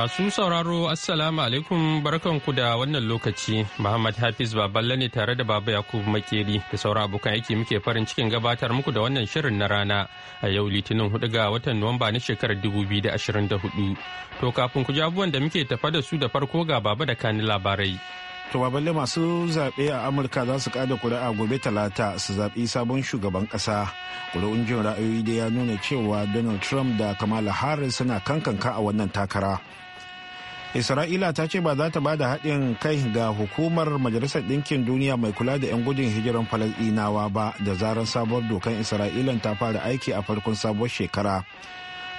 Masu sauraro Assalamu alaikum barkanku da wannan lokaci Muhammad Hafiz Baballe ne tare da Baba Yakubu Makeri da sauran abokan aiki muke farin cikin gabatar muku da wannan shirin na rana a yau Litinin hudu ga watan Nuwamba na shekarar 2024. To kafin ku ji abubuwan da muke tafa da su da farko ga Baba da kani labarai. To Baballe masu zaɓe a Amurka za su kada kuri'a gobe talata su zaɓi sabon shugaban ƙasa. Kuri'un jin ra'ayoyi da ya nuna cewa Donald Trump da Kamala Harris suna kankanka a wannan takara. isra'ila ta ce ba za ta ba da haɗin kai ga hukumar majalisar ɗinkin duniya mai kula da 'yan gudun hijiran falasɗinawa ba da zarar sabuwar dokan isra'ilan ta fara aiki a farkon sabuwar shekara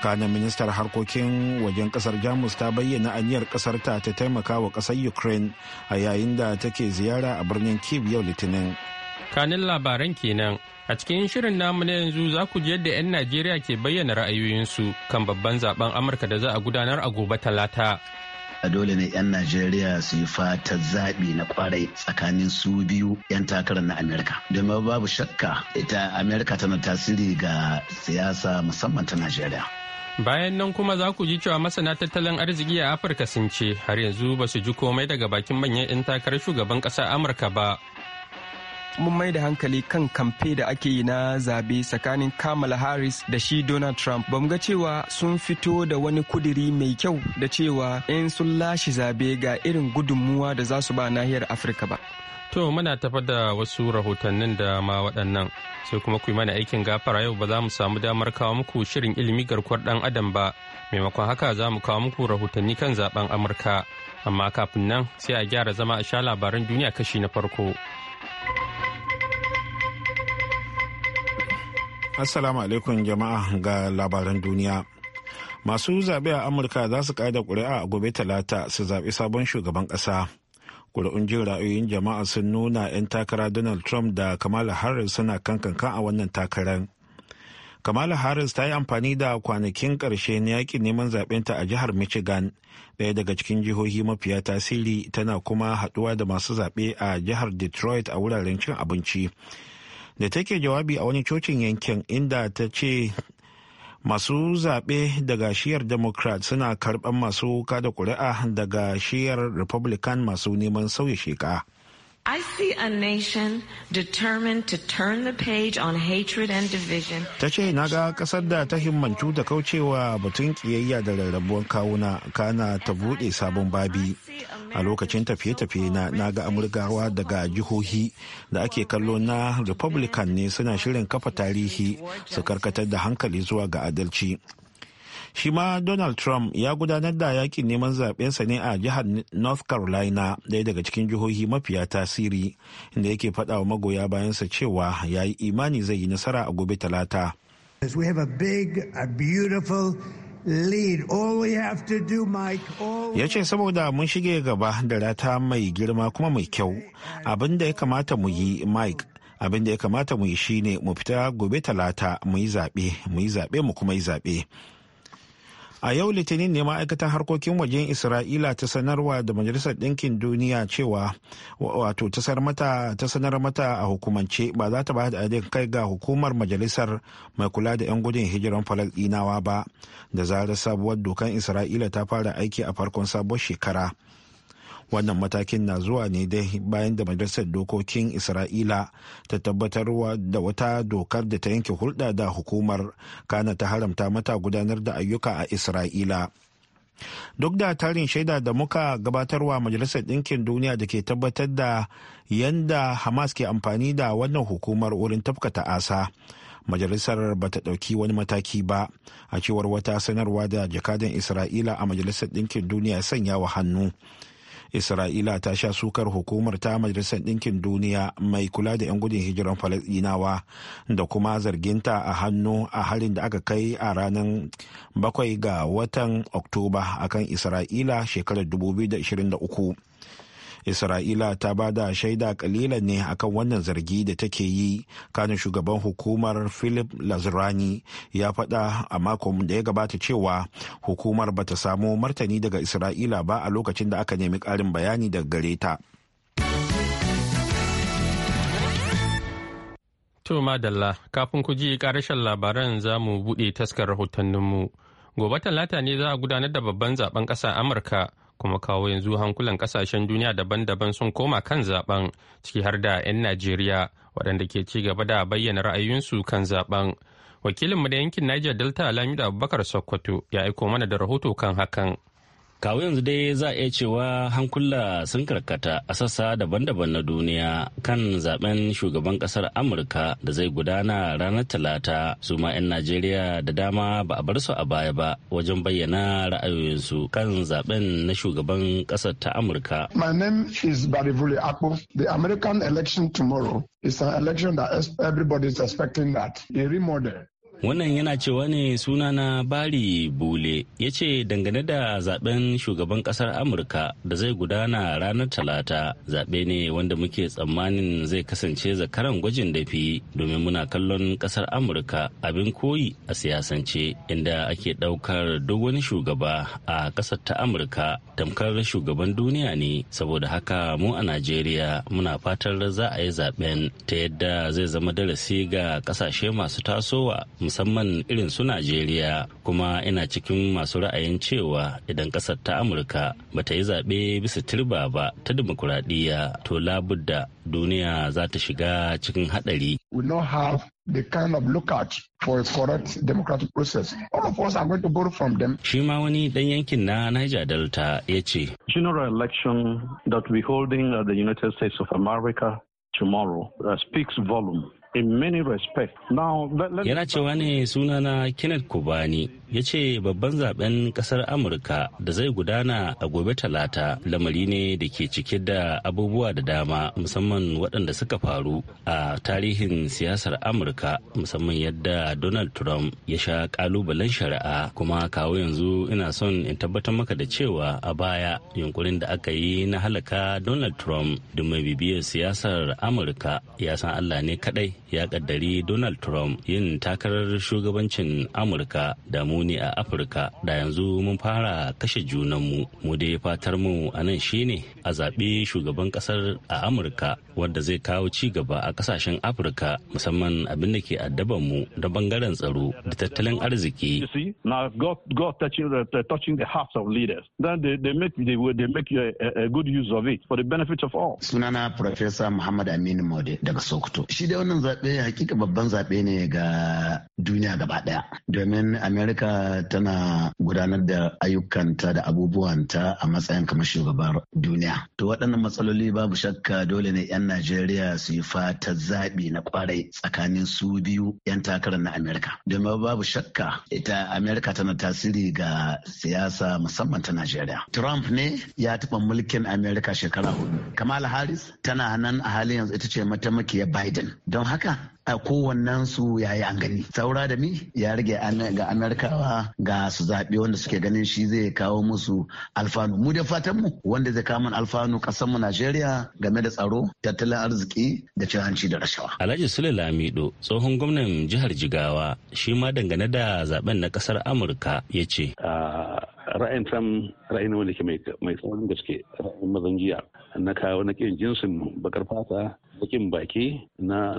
kanan ministar harkokin wajen kasar jamus ta bayyana aniyar kasar ta ta taimaka wa kasar ukraine a yayin da take ziyara a birnin kiev yau litinin kanin labaran kenan a cikin shirin namu na yanzu za ku ji yadda 'yan najeriya ke bayyana ra'ayoyinsu kan babban zaben amurka da za a gudanar a gobe talata a dole ne 'yan najeriya su yi fata zaɓi na kwarai tsakanin su biyu 'yan takarar na amerika domin babu shakka ita amerika tana tasiri ga siyasa musamman ta najeriya bayan nan kuma za ku ji cewa masana tattalin arziki a afirka sun ce har yanzu ba su ji komai daga bakin manyan 'yan takarar shugaban ƙasar amurka ba mun mai da hankali kan kamfe da ake yi na zabe tsakanin kamala harris da shi donald trump bamu ga cewa sun fito da wani kudiri mai kyau da cewa in sun lashe zabe ga irin gudunmuwa da za su ba nahiyar afirka ba To muna tafa da wasu rahotannin da ma waɗannan sai kuma ku mana aikin gafara yau ba za mu samu damar kawo muku shirin ilimi garkuwar ɗan adam ba maimakon haka za mu kawo muku rahotanni kan zaben Amurka amma kafin nan sai a gyara zama a sha labaran duniya kashi na farko. Assalamu alaikum jama'a ga labaran duniya. Masu zaɓe a Amurka za su ƙada ƙuri'a a gobe talata su zaɓi sabon shugaban ƙasa. Ƙuri'un jin ra'ayoyin jama'a sun nuna 'yan takara Donald Trump da Kamala Harris suna kankan a wannan takarar. Kamala Harris ta yi amfani da kwanakin ƙarshe na yakin neman zaɓenta a jihar Michigan, ɗaya daga cikin jihohi mafiya tasiri tana kuma haɗuwa da masu zaɓe a jihar Detroit a wuraren cin abinci. da take jawabi a wani cocin yankin inda ta ce masu zaɓe daga shiyar democrat suna karɓar masu da ƙuri'a daga shiyar republican masu neman sauya shekara. i a nation to the page on Ta ce na ga kasar da ta himmantu da kaucewa batun kiyayya da rarrabuwar kawuna kana ta buɗe sabon babi. A lokacin tafiye-tafiye na na ga Amurkawa daga jihohi da ake kallo na Republican ne suna shirin kafa tarihi su karkatar da hankali zuwa ga adalci. shi ma donald trump ya gudanar da yakin neman zaɓensa ne a jihar north carolina ɗaya daga cikin jihohi mafiya tasiri inda yake faɗa wa magoya bayansa cewa ya yi imani zai yi nasara a gobe talata ya ce saboda mun shige gaba da rata mai girma kuma mai kyau abin da ya kamata mu yi mike abin da ya kamata mu yi shine mu fita gobe talata mu yi zaɓe mu zaɓe mu kuma yi zaɓe a yau litinin ne ma'aikatan harkokin wajen isra'ila ta sanarwa da majalisar ɗinkin duniya cewa wato ta sanar mata a hukumance ba za ta ba da adin kai ga hukumar majalisar mai kula da 'yan gudun hijiran falasɗinawa ba da zarar sabuwar dokan isra'ila ta fara aiki a farkon sabuwar shekara wannan matakin na zuwa ne dai bayan da majalisar dokokin isra'ila ta tabbatarwa da wata dokar da ta yanke hulɗa da hukumar kana ta haramta mata gudanar da ayyuka a isra'ila duk da tarin shaida da muka gabatarwa majalisar ɗinkin duniya da ke tabbatar da yadda hamas ke amfani da wannan hukumar wurin tafkata asa majalisar ba ta ɗauki wani mataki ba a cewar wata sanarwa da jakadan isra'ila a majalisar ɗinkin duniya sanya wa hannu isra'ila ta sha sukar hukumar ta majalisar ɗinkin duniya mai kula da 'yan gudun hijiran falasɗinawa da kuma zarginta a hannu a halin da aka kai a ranar 7 ga watan oktoba akan isra'ila shekarar 2023 isra'ila ta ba da shaida kalilan ne akan wannan zargi da take yi kanin shugaban hukumar philip lazrani ya faɗa a makon da ya gabata cewa hukumar bata samu martani daga isra'ila ba a lokacin da aka nemi ƙarin bayani daga gare ta To madalla kafin ku ji ƙarashen labaran za mu buɗe taskar rahotanninmu. Gobe talata ne za a gudanar da babban zaben ƙasa Amurka kuma kawo yanzu hankulan kasashen duniya daban-daban sun koma kan zaben ciki har da 'yan najeriya waɗanda ke ci gaba da bayyana ra'ayinsu kan zaben wakilinmu da yankin niger delta lamido abubakar sokoto ya aiko mana da rahoto kan hakan kawo yanzu dai za a iya cewa hankula sun karkata a sassa daban-daban na duniya kan zaben shugaban kasar amurka da zai gudana ranar talata su ma 'yan najeriya da dama ba a bar su a baya ba wajen bayyana ra'ayoyinsu kan zaben na shugaban kasar ta amurka my name is barivuli akpo the american election tomorrow is an election that everybody is expecting that a remodel wannan yana cewa ne suna na bari bule ya ce dangane da zaben shugaban kasar amurka da zai gudana ranar talata zaɓe ne wanda muke tsammanin zai kasance zakaran gwajin dafi domin muna kallon kasar amurka abin koyi a siyasance inda ake ɗaukar duk wani shugaba a ƙasar ta amurka tamkar shugaban duniya ne saboda haka mu a najeriya muna fatar za a yi zaben ta yadda zai zama darasi ga ƙasashe masu tasowa musamman irin su najeriya kuma ina cikin masu ra'ayin cewa idan ƙasar ta amurka ba ta yi zaɓe bisa turba ba ta dimokuraɗiyya to labudda duniya za ta shiga cikin haɗari the kind of lookout for a correct democratic process. All of us are going to borrow from them. Shi ma wani dan yankin na Niger Delta ya ce. General election that we holding at the United States of America tomorrow uh, speaks volume in many respects. Now, Yana cewa ne sunana Kenneth Kubani ya ce babban zaben kasar Amurka da zai gudana a gobe talata lamari ne da ke cike da abubuwa da dama musamman waɗanda suka faru a tarihin siyasar Amurka musamman yadda Donald Trump ya sha kalubalen shari'a kuma kawo yanzu ina son in tabbatar maka da cewa a baya yunkurin da aka yi na halaka Donald Trump da mai bibiyar siyasar Amurka ya san Allah ne kaɗai ya kaddari Donald Trump yin takarar shugabancin Amurka da mu ne a Afirka da yanzu mun fara kashe junanmu. Mu dai fatar mu a nan shine a zaɓe shugaban ƙasar a Amurka wanda zai kawo ci gaba a kasashen afirka musamman abin da ke addaban mu da bangaren tsaro da tattalin arziki sunana professor muhammad aminu maude daga sokoto shi da wannan zaɓe hakika babban zaɓe ne ga duniya gaba ɗaya domin america tana gudanar da ayyukanta da abubuwanta a matsayin kamar shugabar duniya to waɗannan matsaloli babu shakka dole ne 'yan 'yan Najeriya su yi fata zaɓi na kwarai tsakanin su biyu 'yan takarar na Amerika. Domin babu shakka ita Amerika tana tasiri ga siyasa musamman ta Najeriya. Trump ne ya taɓa mulkin Amerika shekara hudu. Kamala Harris tana nan a halin yanzu ita ce mataimakiya Biden. Don haka a kowannen su yayi an gani saura da mi ya rage ga amerikawa ga su zaɓe wanda suke ganin shi zai kawo musu alfanu mu da fatan mu wanda zai kawo mana alfanu ƙasar mu Najeriya game da tsaro tattalin arziki da cin hanci da rashawa Alhaji Sule Lamido tsohon gwamnan jihar Jigawa shi ma dangane da zaben na ƙasar Amurka ya ce ah, ra'ayin sam ra'ayin wanda ke mai tsawon gaske ra'ayin mazan jiya na kawo na kin jinsin bakar fata bakin baki na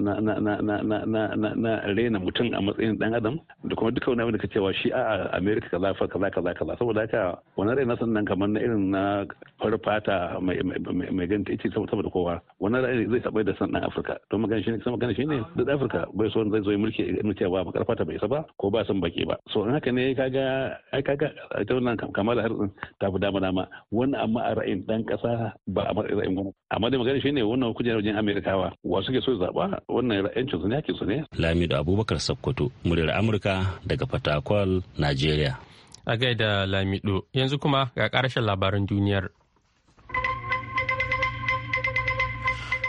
rena mutum a matsayin dan adam da kuma duka wani abin da ka cewa shi a america kaza fa kaza kaza kaza saboda haka wani rena na sannan kamar na irin na fara fata mai ganta ice saboda kowa wani rena zai taɓa da san dan afirka don magana shi ne sama magana shi ne duk afirka bai so zai zo mulki ya cewa bakar fata bai isa ba ko ba san baki ba so in haka ne kaga ai kaga ita wannan kamar da harsun ta fi dama dama wannan amma a ra'ayin dan kasa ba a matsayin ra'ayin gwamnati amma da magana shine wannan kujerar wajen amerikawa wa suke so zaɓa wannan ra'ayin su ne hakkin su ne lamido abubakar sakkwato muryar amurka daga fatakwal nigeria a gaida Lamidu yanzu kuma ga karshen labaran duniyar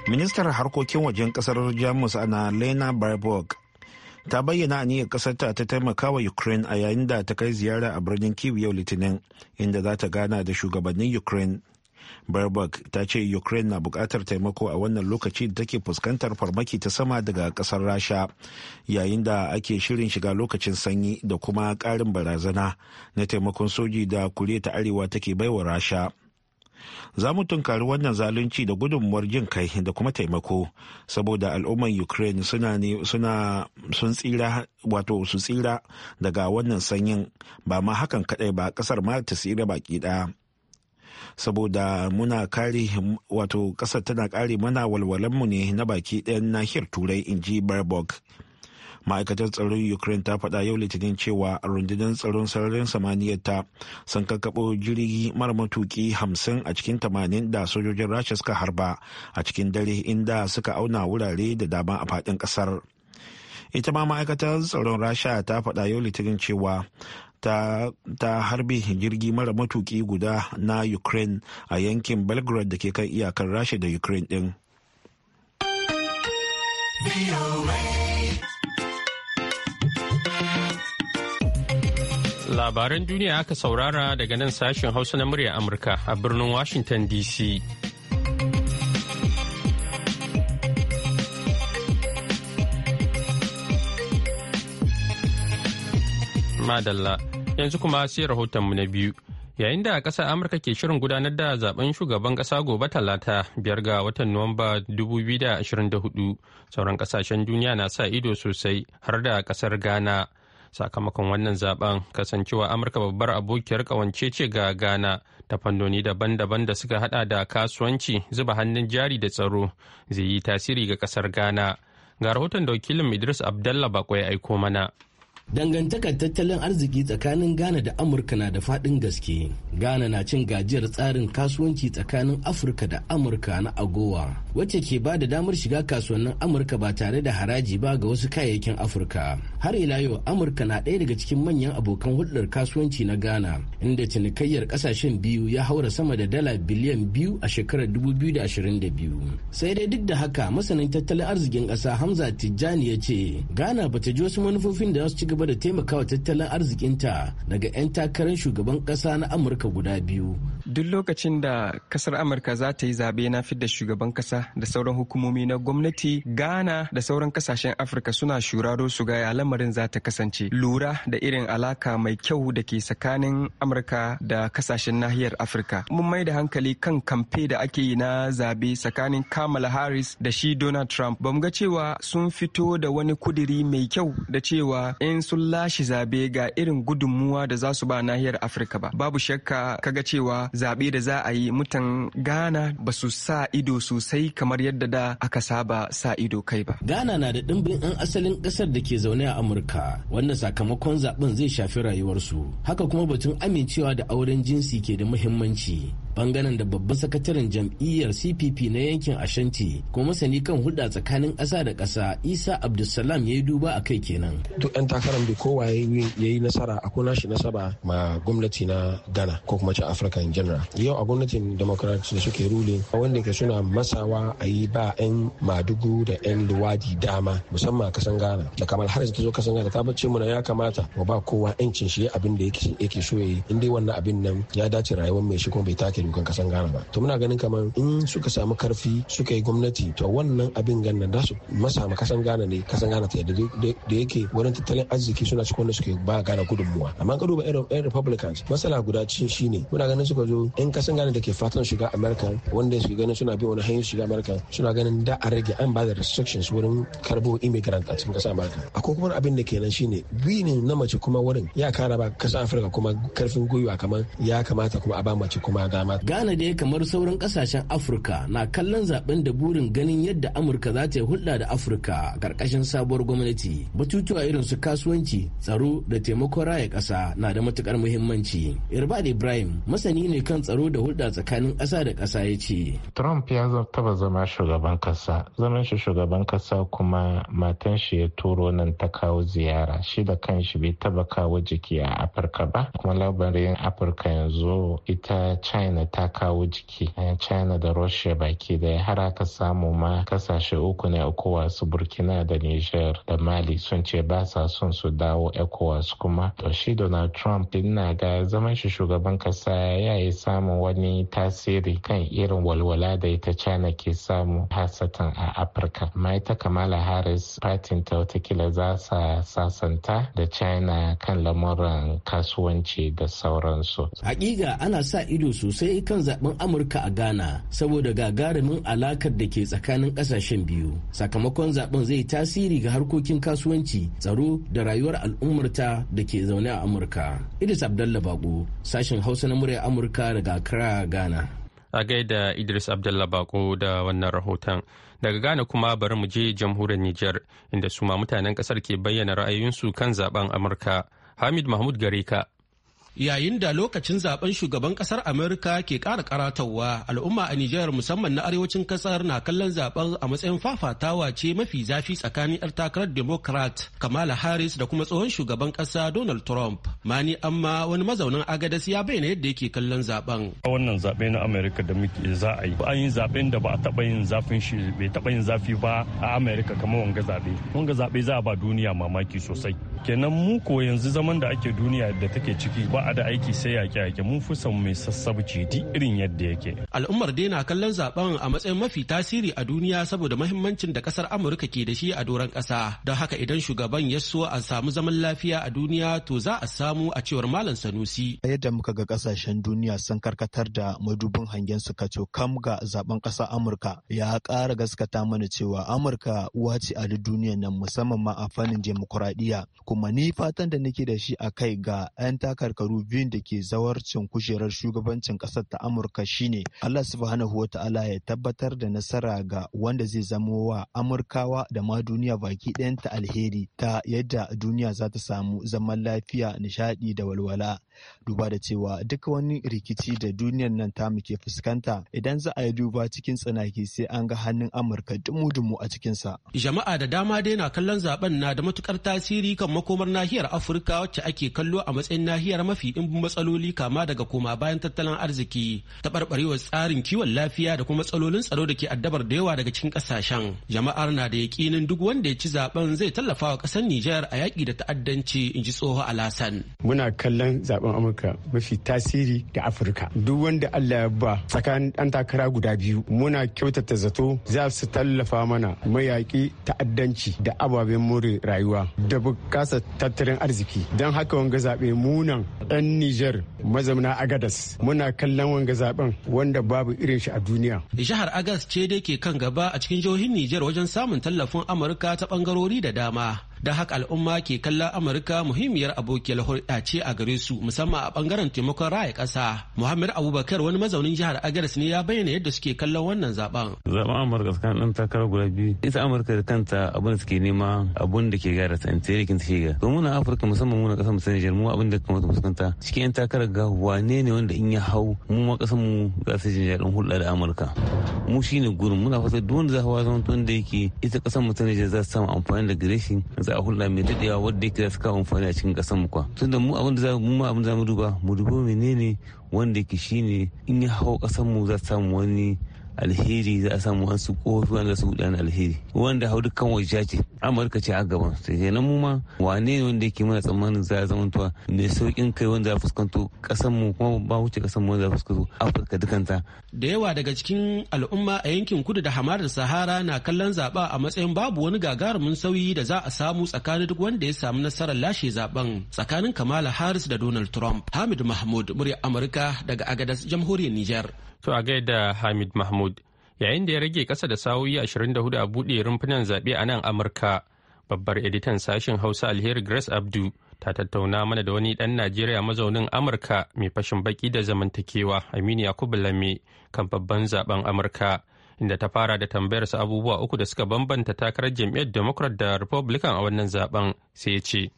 ministar harkokin wajen kasar jamus ana lena barbock ta bayyana aniyar ƙasarta ta taimaka wa ukraine a yayin da ta kai ziyara a birnin kiev yau litinin inda za ta gana da shugabannin ukraine Baerbock ta ce Ukraine na bukatar taimako a wannan lokaci da take fuskantar farmaki ta sama daga kasar Rasha yayin da ake shirin shiga lokacin sanyi da kuma ƙarin barazana na taimakon soji da kure ta Arewa take baiwa Rasha. za mu tunkari wannan zalunci da gudunmuwar jin kai da kuma taimako saboda al'umman ukraine suna sun tsira wato su tsira daga wannan sanyin ba ma hakan kadai ba kasar ma ta tsira baki daya saboda muna kare wato kasar tana kare mana walwalanmu ne na baki ɗayan nahiyar turai in ji barbog ma'aikatar tsaron ukraine ta faɗa yau litinin cewa rundunar tsaron sararin samaniyar ta sun kakkaɓo jirgi mara matuki hamsin a cikin tamanin da sojojin rasha suka harba a cikin dare inda suka auna wurare da dama a faɗin ƙasar ita ma ma'aikatar tsaron rasha ta faɗa yau litinin cewa ta, ta harbe jirgi mara matuki guda na ukraine a yankin belgrade da ke kan iyakar rasha da ukraine din. Labaran duniya aka saurara daga nan sashen Hausa na murya Amurka a birnin Washington DC. Madalla, yanzu kuma sai rahotonmu na biyu. Yayin da ƙasar Amurka ke shirin gudanar da zaben shugaban ƙasa gobe talata biyar ga watan Nuwamba 2024, sauran ƙasashen duniya na sa ido sosai har da ƙasar Ghana. sakamakon wannan zaben kasancewa amurka babbar abokiyar kawance ce ga ghana ta fannoni daban-daban da suka hada da kasuwanci zuba hannun jari da tsaro zai yi tasiri ga kasar ghana ga rahoton da wakilin idris abdallah bakwai aiko mana dangantakar tattalin arziki tsakanin ghana da amurka na da faɗin gaske ghana na cin gajiyar tsarin kasuwanci tsakanin afirka da amurka na agowa wacce ke ba da damar shiga kasuwannin amurka ba tare da haraji ba ga wasu kayayyakin afirka har ila yau amurka na ɗaya daga cikin manyan abokan hulɗar kasuwanci na ghana inda cinikayyar ƙasashen biyu ya haura sama da dala biliyan biyu a shekarar 2022 sai dai duk da haka masanin tattalin arzikin ƙasa hamza tijjani ya ce ghana ba ta ji wasu manufofin da za su ci gaba da taimakawa tattalin arzikinta daga 'yan takarar shugaban ƙasa na amurka guda biyu duk lokacin da kasar amurka za ta yi zaɓe na fidda shugaban kasa da sauran hukumomi na gwamnati ghana da sauran kasashen afirka suna shuraro su ga lamarin za ta kasance lura da irin alaka mai kyau da ke tsakanin amurka da kasashen nahiyar afirka mun mai da hankali kan kamfe da ake yi na zaɓe tsakanin kamala harris da shi donald trump bamu ga cewa sun fito da wani kudiri mai kyau da cewa in sun lashe zaɓe ga irin gudunmuwa da za su ba nahiyar afirka ba babu shakka kaga cewa zaɓe da za a yi mutan Ghana ba su sa ido sosai kamar yadda da aka saba sa ido kai ba. Ghana na da ɗimbin 'yan asalin ƙasar da ke zaune a Amurka wanda sakamakon zaɓen zai shafi rayuwarsu. Haka kuma batun amincewa da auren jinsi ke da muhimmanci. bangaren da babban sakataren jam'iyyar cpp na yankin ashanti kuma masani kan hulɗa tsakanin ƙasa da ƙasa isa abdulsalam ya yi duba a kai kenan duk yan takarar da kowa ya yi nasara a kuna shi nasaba ma gwamnati na ghana ko kuma ce afirka in general yau a gwamnatin democrat da suke rule wanda ke suna masawa a yi ba yan madugu da yan luwadi dama musamman kasan ghana da kamar har ta zo kasan ghana ta bace mu ya kamata mu ba kowa yancin shi abin da yake so ya yi in dai wannan abin nan ya dace rayuwar mai shi kuma bai take shugaban kasan Ghana ba to muna ganin kamar in suka samu karfi suka yi gwamnati to wannan abin ganna da su masa ma kasan Ghana ne kasan Ghana ta yadda da yake wurin tattalin arziki suna cikin wanda suke ba Ghana gudunmuwa amma ka duba irin Republicans masala guda cin shine muna ganin suka zo in kasan Ghana da ke fatan shiga America wanda suke ganin suna bin wani hanyar shiga America suna ganin da a rage an ba da restrictions wurin karbo immigrant a cikin kasa America akwai kuma abin da kenan shine binin na mace kuma wurin ya kara ba kasa Afirka kuma karfin gwiwa kamar ya kamata kuma a ba mace kuma dama ba. Ghana dai kamar sauran kasashen Afirka na kallon zaben da burin ganin yadda Amurka za ta yi hulɗa da Afirka ƙarƙashin sabuwar gwamnati. Batutuwa irin su kasuwanci, tsaro da taimakon raya ƙasa na da matuƙar muhimmanci. Irbad Ibrahim masani ne kan tsaro da hulɗa tsakanin ƙasa da ƙasa ya ce. Trump ya taba zama shugaban ƙasa, zaman shi shugaban ƙasa kuma matan shi ya turo nan ta kawo ziyara shi da kanshi bai taba kawo jiki a Afirka ba kuma labarin Afirka yanzu ita China ta kawo jiki eh, china da russia baki daya har aka samu ma kasashe uku na ecowas burkina da niger da mali sun ce ba sa son su dawo ecowas kuma to shi donald trump din na ga zaman shi shugaban kasa ya yi samun wani tasiri kan irin walwala da ita china ke samu hasatan a afirka amma ita kamala harris fatin ta watakila za sa sasanta da china kan lamuran kasuwanci da sauransu hakika ana sa ido sosai nazari kan zaben amurka a ghana saboda gagarumin alakar da ke tsakanin kasashen biyu sakamakon zaben zai tasiri ga harkokin kasuwanci tsaro da rayuwar al'ummarta da ke zaune a amurka idris abdallah bako sashen hausa na murya amurka daga accra ghana a gaida idris abdallah bako da wannan rahoton daga ghana kuma bari mu je jamhuriyar niger inda suma mutanen kasar ke bayyana ra'ayoyinsu kan zaben amurka hamid mahmud gareka yayin da lokacin zaben shugaban kasar amurka ke kara karatawa al'umma a nijar musamman na arewacin kasar na kallon zaben a matsayin fafatawa ce mafi zafi tsakanin yar takarar democrat kamala harris da kuma tsohon shugaban kasa donald trump mani amma wani mazaunin agadas ya bayyana yadda yake kallon zaben wannan zaben na amurka da muke za a yi an yi zaben da ba a taɓa yin zafin shi bai taɓa yin zafi ba a amurka kamar wanga zabe wanga zabe za a ba duniya mamaki sosai kenan mu ko yanzu zaman da ake duniya da take ciki ba a da aiki sai yaƙe-yaƙe mun fi son mai sassabci duk irin yadda yake. Al'ummar dai na kallon zaben a matsayin mafi tasiri a duniya saboda mahimmancin da kasar Amurka ke da shi a doron kasa Don haka idan shugaban ya so a samu zaman lafiya a duniya to za a samu a cewar Malam Sanusi. Yadda muka ga kasashen duniya sun karkatar da madubin hangen su ka kam ga zaben ƙasar Amurka ya kara gaskata mana cewa Amurka uwa ce a duniya nan musamman ma a fannin demokuraɗiyya. Kuma ni fatan da nake da shi a kai ga 'yan takarkaru shekaru biyun da ke zawarcin kujerar shugabancin ƙasar ta Amurka shine Allah subhanahu wa ta'ala ya tabbatar da nasara ga wanda zai zamo wa Amurkawa da ma duniya baki ta alheri ta yadda duniya za ta samu zaman lafiya, nishaɗi da walwala. duba da cewa duk wani rikici da duniyar nan tamu ke fuskanta idan za a yi duba cikin tsanaki sai an ga hannun amurka dumu-dumu a cikinsa jama'a da dama dai na kallon zaben na da matukar tasiri kan makomar nahiyar afirka wacce ake kallo a matsayin nahiyar mafi ɗimbin matsaloli kama daga koma bayan tattalin arziki taɓarɓarewar tsarin kiwon lafiya da kuma matsalolin tsaro da ke addabar da yawa daga cikin ƙasashen jama'ar na da yaƙinin duk wanda ya ci zaben zai tallafa wa ƙasar nijar a yaƙi da ta'addanci in ji tsoho alasan muna kallon zaben amurka mafi tasiri da afirka duk wanda allah ya ba tsakanin dan takara guda biyu muna kyautata zato za su tallafa mana mayaki ta'addanci da ababen more rayuwa da bukasa tattalin arziki don haka wanga zaɓe munan ɗan niger mazamna agadas muna kallon wanga zaben wanda babu irin shi a duniya jihar agas ce dai ke kan gaba a cikin jihohin niger wajen samun tallafin amurka ta bangarori da dama don haka al'umma ke kallon amurka muhimmiyar abokiyar hulɗa ce a gare su musamman a bangaren taimakon raya ƙasa muhammad abubakar wani mazaunin jihar agares ne ya bayyana yadda suke kallon wannan zaben zaben amurka tsakanin ɗan takara guda biyu ita amurka da kanta abin da suke nema abun da ke gara ta interikin take ga to muna afirka musamman muna ƙasar mu senegal mu abin da kamata mu fuskanta cikin yan takarar ga wane ne wanda in ya hau mu ma ƙasar mu za su jin daɗin hulɗa da amurka mu shine gurin muna fasa duk wanda za hawa zama wanda yake ita ƙasar mu senegal za su samu amfani da gare shi a hulɗa mai daɗewa wadda yake za kawo amfani a cikin ƙasar mu kwa tunda mu abin da za mu ma abin za mu duba mu duba menene wanda yake shine in ya hau ƙasar mu za samu wani alheri za a samu wasu kofi wanda su gudanar alheri wanda hau dukkan wajen ce amurka ce a gaban sai kenan mu ma wane wanda yake mana tsammanin za a tuwa mai saukin kai wanda ya fuskanto kasan mu kuma ba wuce kasan mu wanda ya fuskanto afirka dukanta da yawa daga cikin al'umma a yankin kudu da hamadar sahara na kallon zaba a matsayin babu wani gagarumin sauyi da za a samu tsakanin duk wanda ya samu nasarar lashe zaben tsakanin kamala harris da donald trump hamid mahmud murya amurka daga agadas jamhuriyar nijar. To a gaida Hamid Mahmud. Yayin da ya rage kasa da sa'o'i 24 a buɗe rumfunan zaɓe a nan Amurka, babbar editan sashen Hausa Alheri Grace Abdu ta tattauna mana da wani ɗan Najeriya mazaunin Amurka mai fashin baki da zamantakewa Aminu Yakubu Lame kan babban zaben Amurka. Inda ta fara da tambayar su abubuwa uku da suka bambanta takarar jam'iyyar Democrat da Republican a wannan zaben sai ya ce.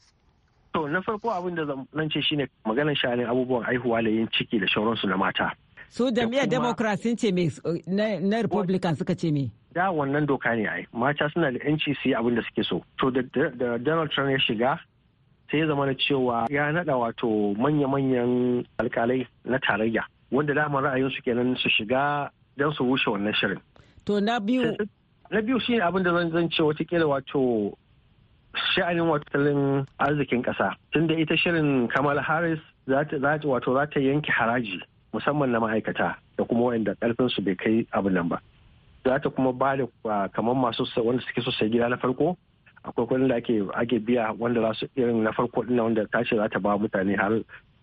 To na farko abin da zan ce shine maganar shanin abubuwan aihuwa da yin ciki da shauransu na mata. su miya democrats sun ce na republican suka ce me da wannan doka ne ai mata suna da yanci su yi da suke so to da donald trump ya shiga sai ya zama na cewa ya nada wato manya-manyan alkalai na tarayya wanda dama ra'ayinsu kenan su shiga don su rushe wannan shirin to na biyu na biyu shine abin da zan zance ce watakila wato sha'anin watalin arzikin kasa tunda ita shirin kamala harris za ta wato za ta yanke haraji musamman na ma'aikata da kuma wanda karfin su bai kai abin nan ba za ta kuma ba da kamar masu wanda suke so sai gida na farko akwai kuɗin da ake biya wanda za su irin na farko din wanda ta ce za ta ba mutane har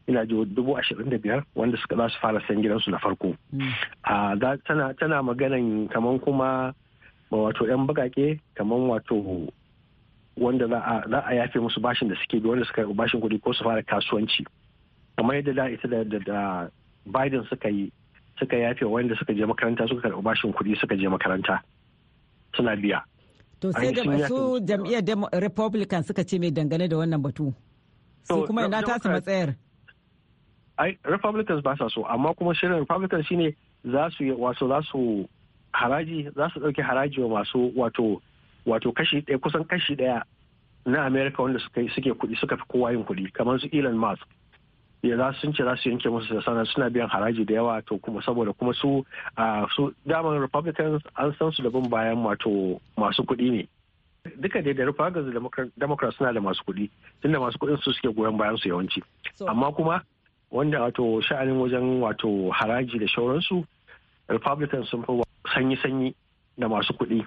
ina ji dubu ashirin da biyar wanda suka za su fara sayan gidansu na farko. Hmm. tana tana maganan kaman kuma wato yan bakake kamar wato wanda za a yafe musu bashin da suke bi wanda suka bashin kuɗi ko su fara kasuwanci kamar yadda da ita da Biden suka yi suka yafe wanda suka je makaranta suka karɓi bashin kuɗi suka je makaranta suna biya. To sai da su jam'iyyar Republican suka ce mai dangane da wannan batu. Su kuma ina tasu matsayar. Ai Republicans ba sa so amma kuma shirin Republicans shine za su wato za su haraji za su ɗauki haraji wa masu wato wato kashi kusan kashi daya na America wanda suke kuɗi suka fi kowa yin kuɗi kamar su Elon Musk. ya za sun ce za su yanke musu sannan suna biyan haraji da yawa to kuma saboda kuma su su daman republicans an san su da bin bayan wato masu kuɗi ne duka dai da republicans da democrats suna da masu kuɗi tunda masu kuɗin su suke goyon bayan su yawanci amma kuma wanda wato sha'anin wajen wato haraji da shauransu republicans sun fi sanyi-sanyi da masu kuɗi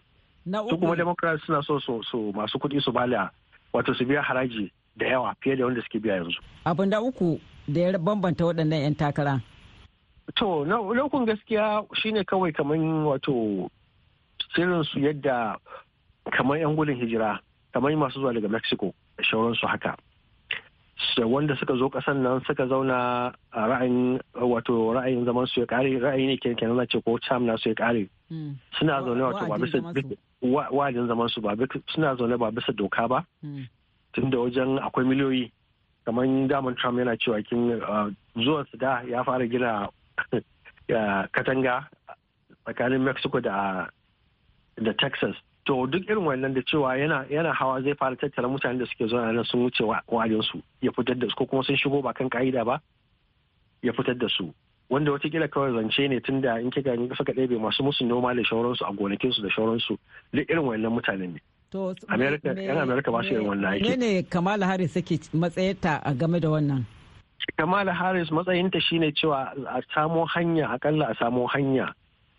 su kuma democrats suna so su masu kuɗi su bala wato su biya haraji da yawa fiye da wanda suke biya yanzu. Abin da uku da ya bambanta waɗannan 'yan takara. To, na ukun gaskiya shine kawai kamar wato su yadda kamar 'yan gudun hijira, kamar masu zuwa daga Mexico, shauransu haka. wanda suka zo kasan nan suka zauna a ra'ayin wato ra'ayin zaman su ya kare ra'ayi ne kenan na ce ko cham na su ya kare hmm. suna zaune wato ba bisa wa'adin zaman su ba suna zaune ba bisa doka ba hmm. tunda wajen akwai miliyoyi kamar daman trump yana cewa kin uh, zuwa su da ya fara gina katanga tsakanin mexico da da texas to duk irin wannan da cewa yana hawa zai fara tattara mutanen da suke zuwa nan sun wuce wajen su ya fitar da su ko kuma sun shigo ba kan ka'ida ba ya fitar da su wanda watakila kawai zance ne tun da in kika suka ɗebe masu musu noma da shauransu a gonakinsu da shauransu duk irin wannan mutanen ne To, Amerika, yan Amerika ba su yin wannan aiki. Mene Kamala Harris sake matsayarta a game da wannan? Kamala Harris matsayinta shine cewa a samo hanya, akalla a samo hanya.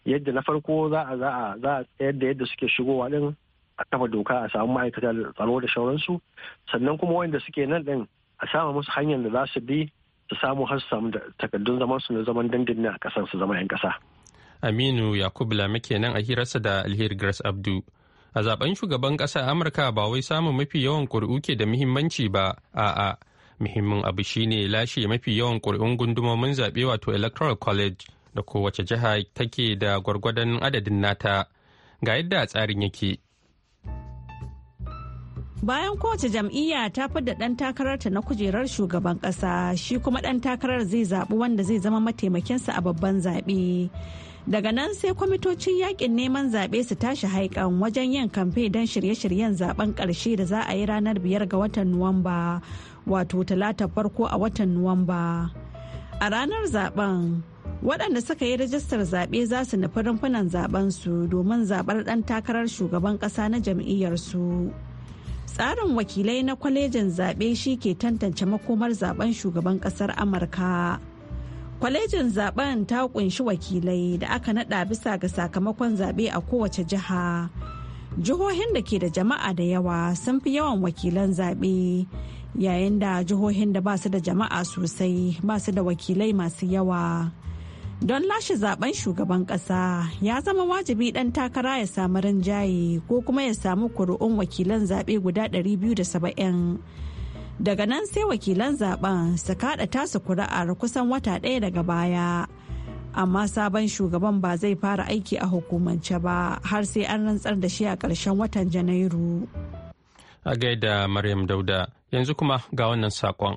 Yadda na farko za a za a tsayar da yadda suke shigowa din a kafa doka a samu ma'aikata tsaro da shauransu sannan kuma wanda suke nan din a sama musu hanyar da za su bi su samu har su samu takardun zaman su na zaman dandin a kasar su zama 'yan kasa. Aminu Yakubu Lame nan a hirarsa da Alheri Grace Abdu. a zaben shugaban ƙasar amurka ba wai samun mafi yawan ƙuri'u ke da muhimmanci ba a'a muhimmin abu shine lashe mafi yawan ƙuri'un gundumomin zaɓe wato electoral college da kowace jiha take da gwargwadon adadin nata ga yadda tsarin yake bayan kowace jam'iyya ta fidda ɗan takararta na kujerar shugaban ƙasa shi kuma ɗan takarar zai zaɓi wanda zai zama mataimakinsa a babban zaɓe daga nan sai kwamitocin yakin neman zaɓe su tashi haikan wajen yin kamfe don shirye-shiryen zaben ƙarshe da za a yi ranar biyar ga watan nuwamba wato talata farko a watan nuwamba a ranar zaben waɗanda suka yi rajistar zaɓe za su nufi rumfunan zaben su domin zaɓar ɗan takarar shugaban ƙasa na jam'iyyarsu tsarin wakilai na kwalejin zaɓe shi ke tantance makomar zaɓen shugaban ƙasar amurka Kwalejin zaben ta kunshi wakilai da aka nada bisa ga sakamakon zaɓe a kowace jiha. Jihohin da ke da jama'a da yawa sun fi yawan wakilan zaɓe yayin da jihohin da ba su da jama'a sosai ba su da wakilai masu yawa. Don lashe zaben shugaban kasa ya zama wajibi dan takara ya samu rinjaye ko kuma ya samu kuri'un wakilan zaɓe guda 270. daga nan sai wakilan zaben su kada tasu kuri'ar kusan wata ɗaya daga baya amma sabon shugaban ba zai fara aiki a hukumance ba har sai an rantsar da shi a ƙarshen watan janairu a gaida maryam dauda yanzu kuma ga wannan saƙon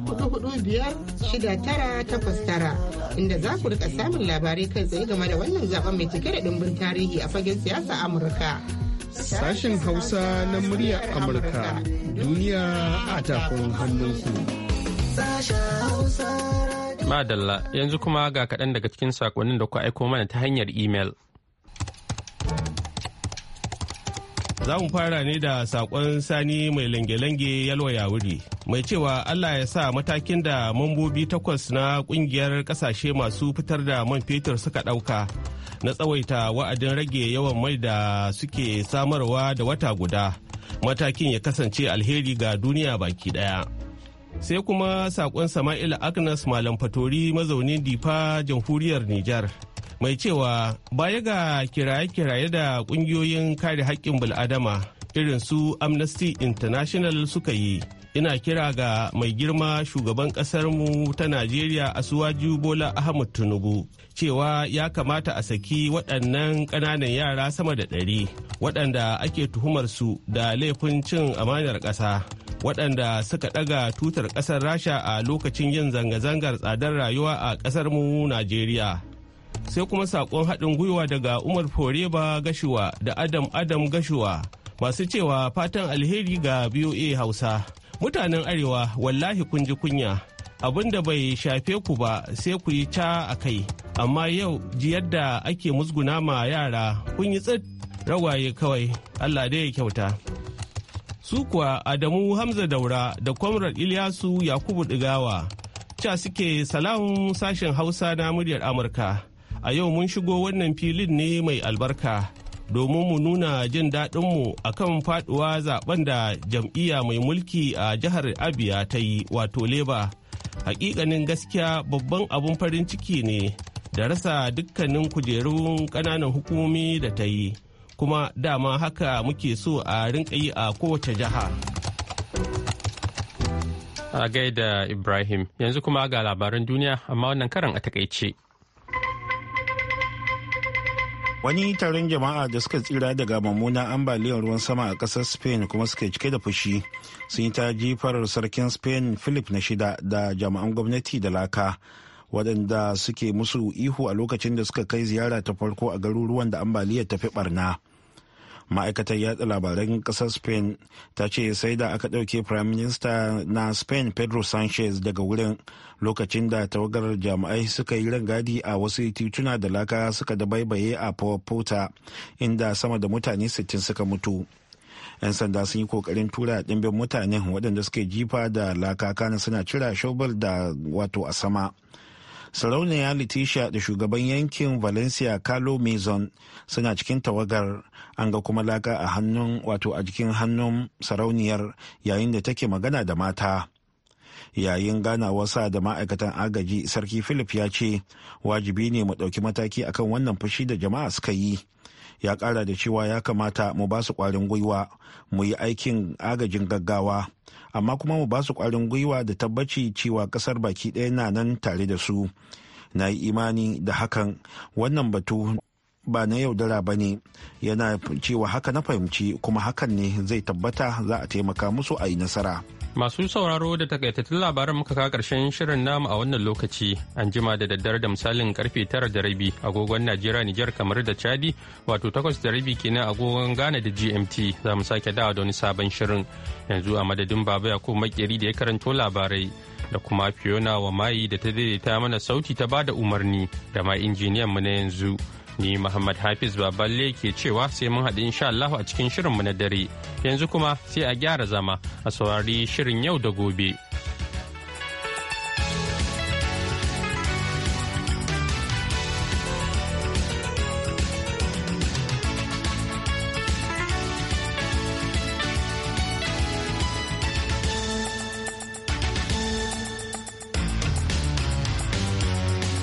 tara inda za ku rika samun labarai kai tsaye game da wannan zaben mai cike da dimbin tarihi a fagen siyasa Amurka. Sashen Hausa na murya Amurka duniya a tafin hannunku. Madalla yanzu kuma ga kaɗan daga cikin sakonnin da ku aiko mana ta hanyar imel. Za mu fara ne da saƙon sani mai lange-lange yalwa ya wuri. mai cewa Allah ya sa matakin da mambobi takwas na kungiyar kasashe masu fitar da man fetur suka ɗauka na tsawaita wa'adin rage yawan mai da suke samarwa da wata guda matakin ya kasance alheri ga duniya baki ɗaya. Sai kuma saƙon Sama'il Agnes Malam Fatori mazaunin Difa jamhuriyar Nijar. Mai cewa baya ga kiraye-kiraye da ƙungiyoyin kare haƙƙin bil'adama irin su Amnesty International suka yi. ina kira ga mai girma shugaban ƙasarmu ta najeriya asuwaju bola ahmad tinubu cewa ya kamata a saki waɗannan ƙananan yara sama da ɗari waɗanda ake tuhumar su da laifin cin amanar ƙasa waɗanda suka ɗaga tutar ƙasar rasha a lokacin yin zanga-zangar tsadar rayuwa a ƙasarmu najeriya sai kuma saƙon haɗin gwiwa daga umar foreba gashuwa da adam adam gashuwa masu cewa fatan alheri ga voa hausa mutanen arewa wallahi kun ji kunya abin da bai shafe ku ba sai ku yi ta a kai amma yau ji yadda ake musguna ma yara kun yi tsit rawaye kawai allah dai ya kyauta su kuwa adamu hamza daura da kwamrar ilyasu yakubu digawa ca suke salamun sashen hausa na muryar amurka a yau mun shigo wannan filin ne mai albarka domin mu nuna jin daɗinmu a kan faɗuwa zaben da jam'iyya mai mulki a jihar abia ta yi wato leba hakikanin gaskiya babban abun farin ciki ne da rasa dukkanin kujerun ƙananan hukumomi da ta yi kuma dama haka muke so a rinka yi a kowace jiha a gaida ibrahim yanzu kuma ga labaran duniya amma wannan karan a takaice wani taron jama'a da suka tsira daga mummunan ambaliyar ruwan sama a kasar spain kuma suke cike da fushi sun yi ta jifar sarkin spain philip na shida da jami'an gwamnati da laka waɗanda suke musu ihu a lokacin da suka kai ziyara ta farko a garuruwan da ambaliyar ta fi barna ma'aikatar yatsa labaran kasar spain ta ce sai da aka ɗauke prime minister na spain pedro sanchez daga wurin lokacin da tawagar jami'ai suka yi rangadi a wasu tituna da laka suka dabaibaye a porta inda sama da mutane 60 suka mutu 'yan sanda sun yi kokarin tura dimbin mutanen waɗanda suke jifa da laka kana suna cira shobal da wato a sama sarauniya leticia da shugaban yankin valencia carlo mason suna cikin tawagar an ga kuma laka a hannun wato a jikin hannun sarauniyar yayin da take magana da mata yayin wasa da ma'aikatan agaji sarki philip ya ce wajibi ne mu ɗauki mataki akan wannan fushi da jama'a suka yi ya ƙara da cewa ya kamata mu ba su ƙwarin gwiwa mu yi aikin agajin gaggawa amma kuma mu ba su kwarin gwiwa da tabbaci cewa kasar baki ɗaya na nan tare da su na yi imani da hakan wannan batu ba na yaudara ba ne yana cewa haka na fahimci kuma hakan ne zai tabbata za a taimaka musu a yi nasara. Masu sauraro da takaitattun labaran muka ka karshen shirin namu a wannan lokaci an jima da daddare da misalin karfe tara da rabi agogon Najeriya Nijar kamar da Chadi wato takwas da rabi kenan agogon Ghana da GMT za mu sake dawa da wani sabon shirin yanzu a madadin Baba Yakubu Makeri da ya karanto labarai da kuma Fiona wa mayi da ta daidaita mana sauti ta bada umarni da ma injiniyan mu na yanzu. Ni Muhammad Hafiz Baballe ke cewa sai mun haɗu insha Allah a cikin shirinmu na dare. Yanzu kuma sai a gyara zama a saurari shirin yau da gobe.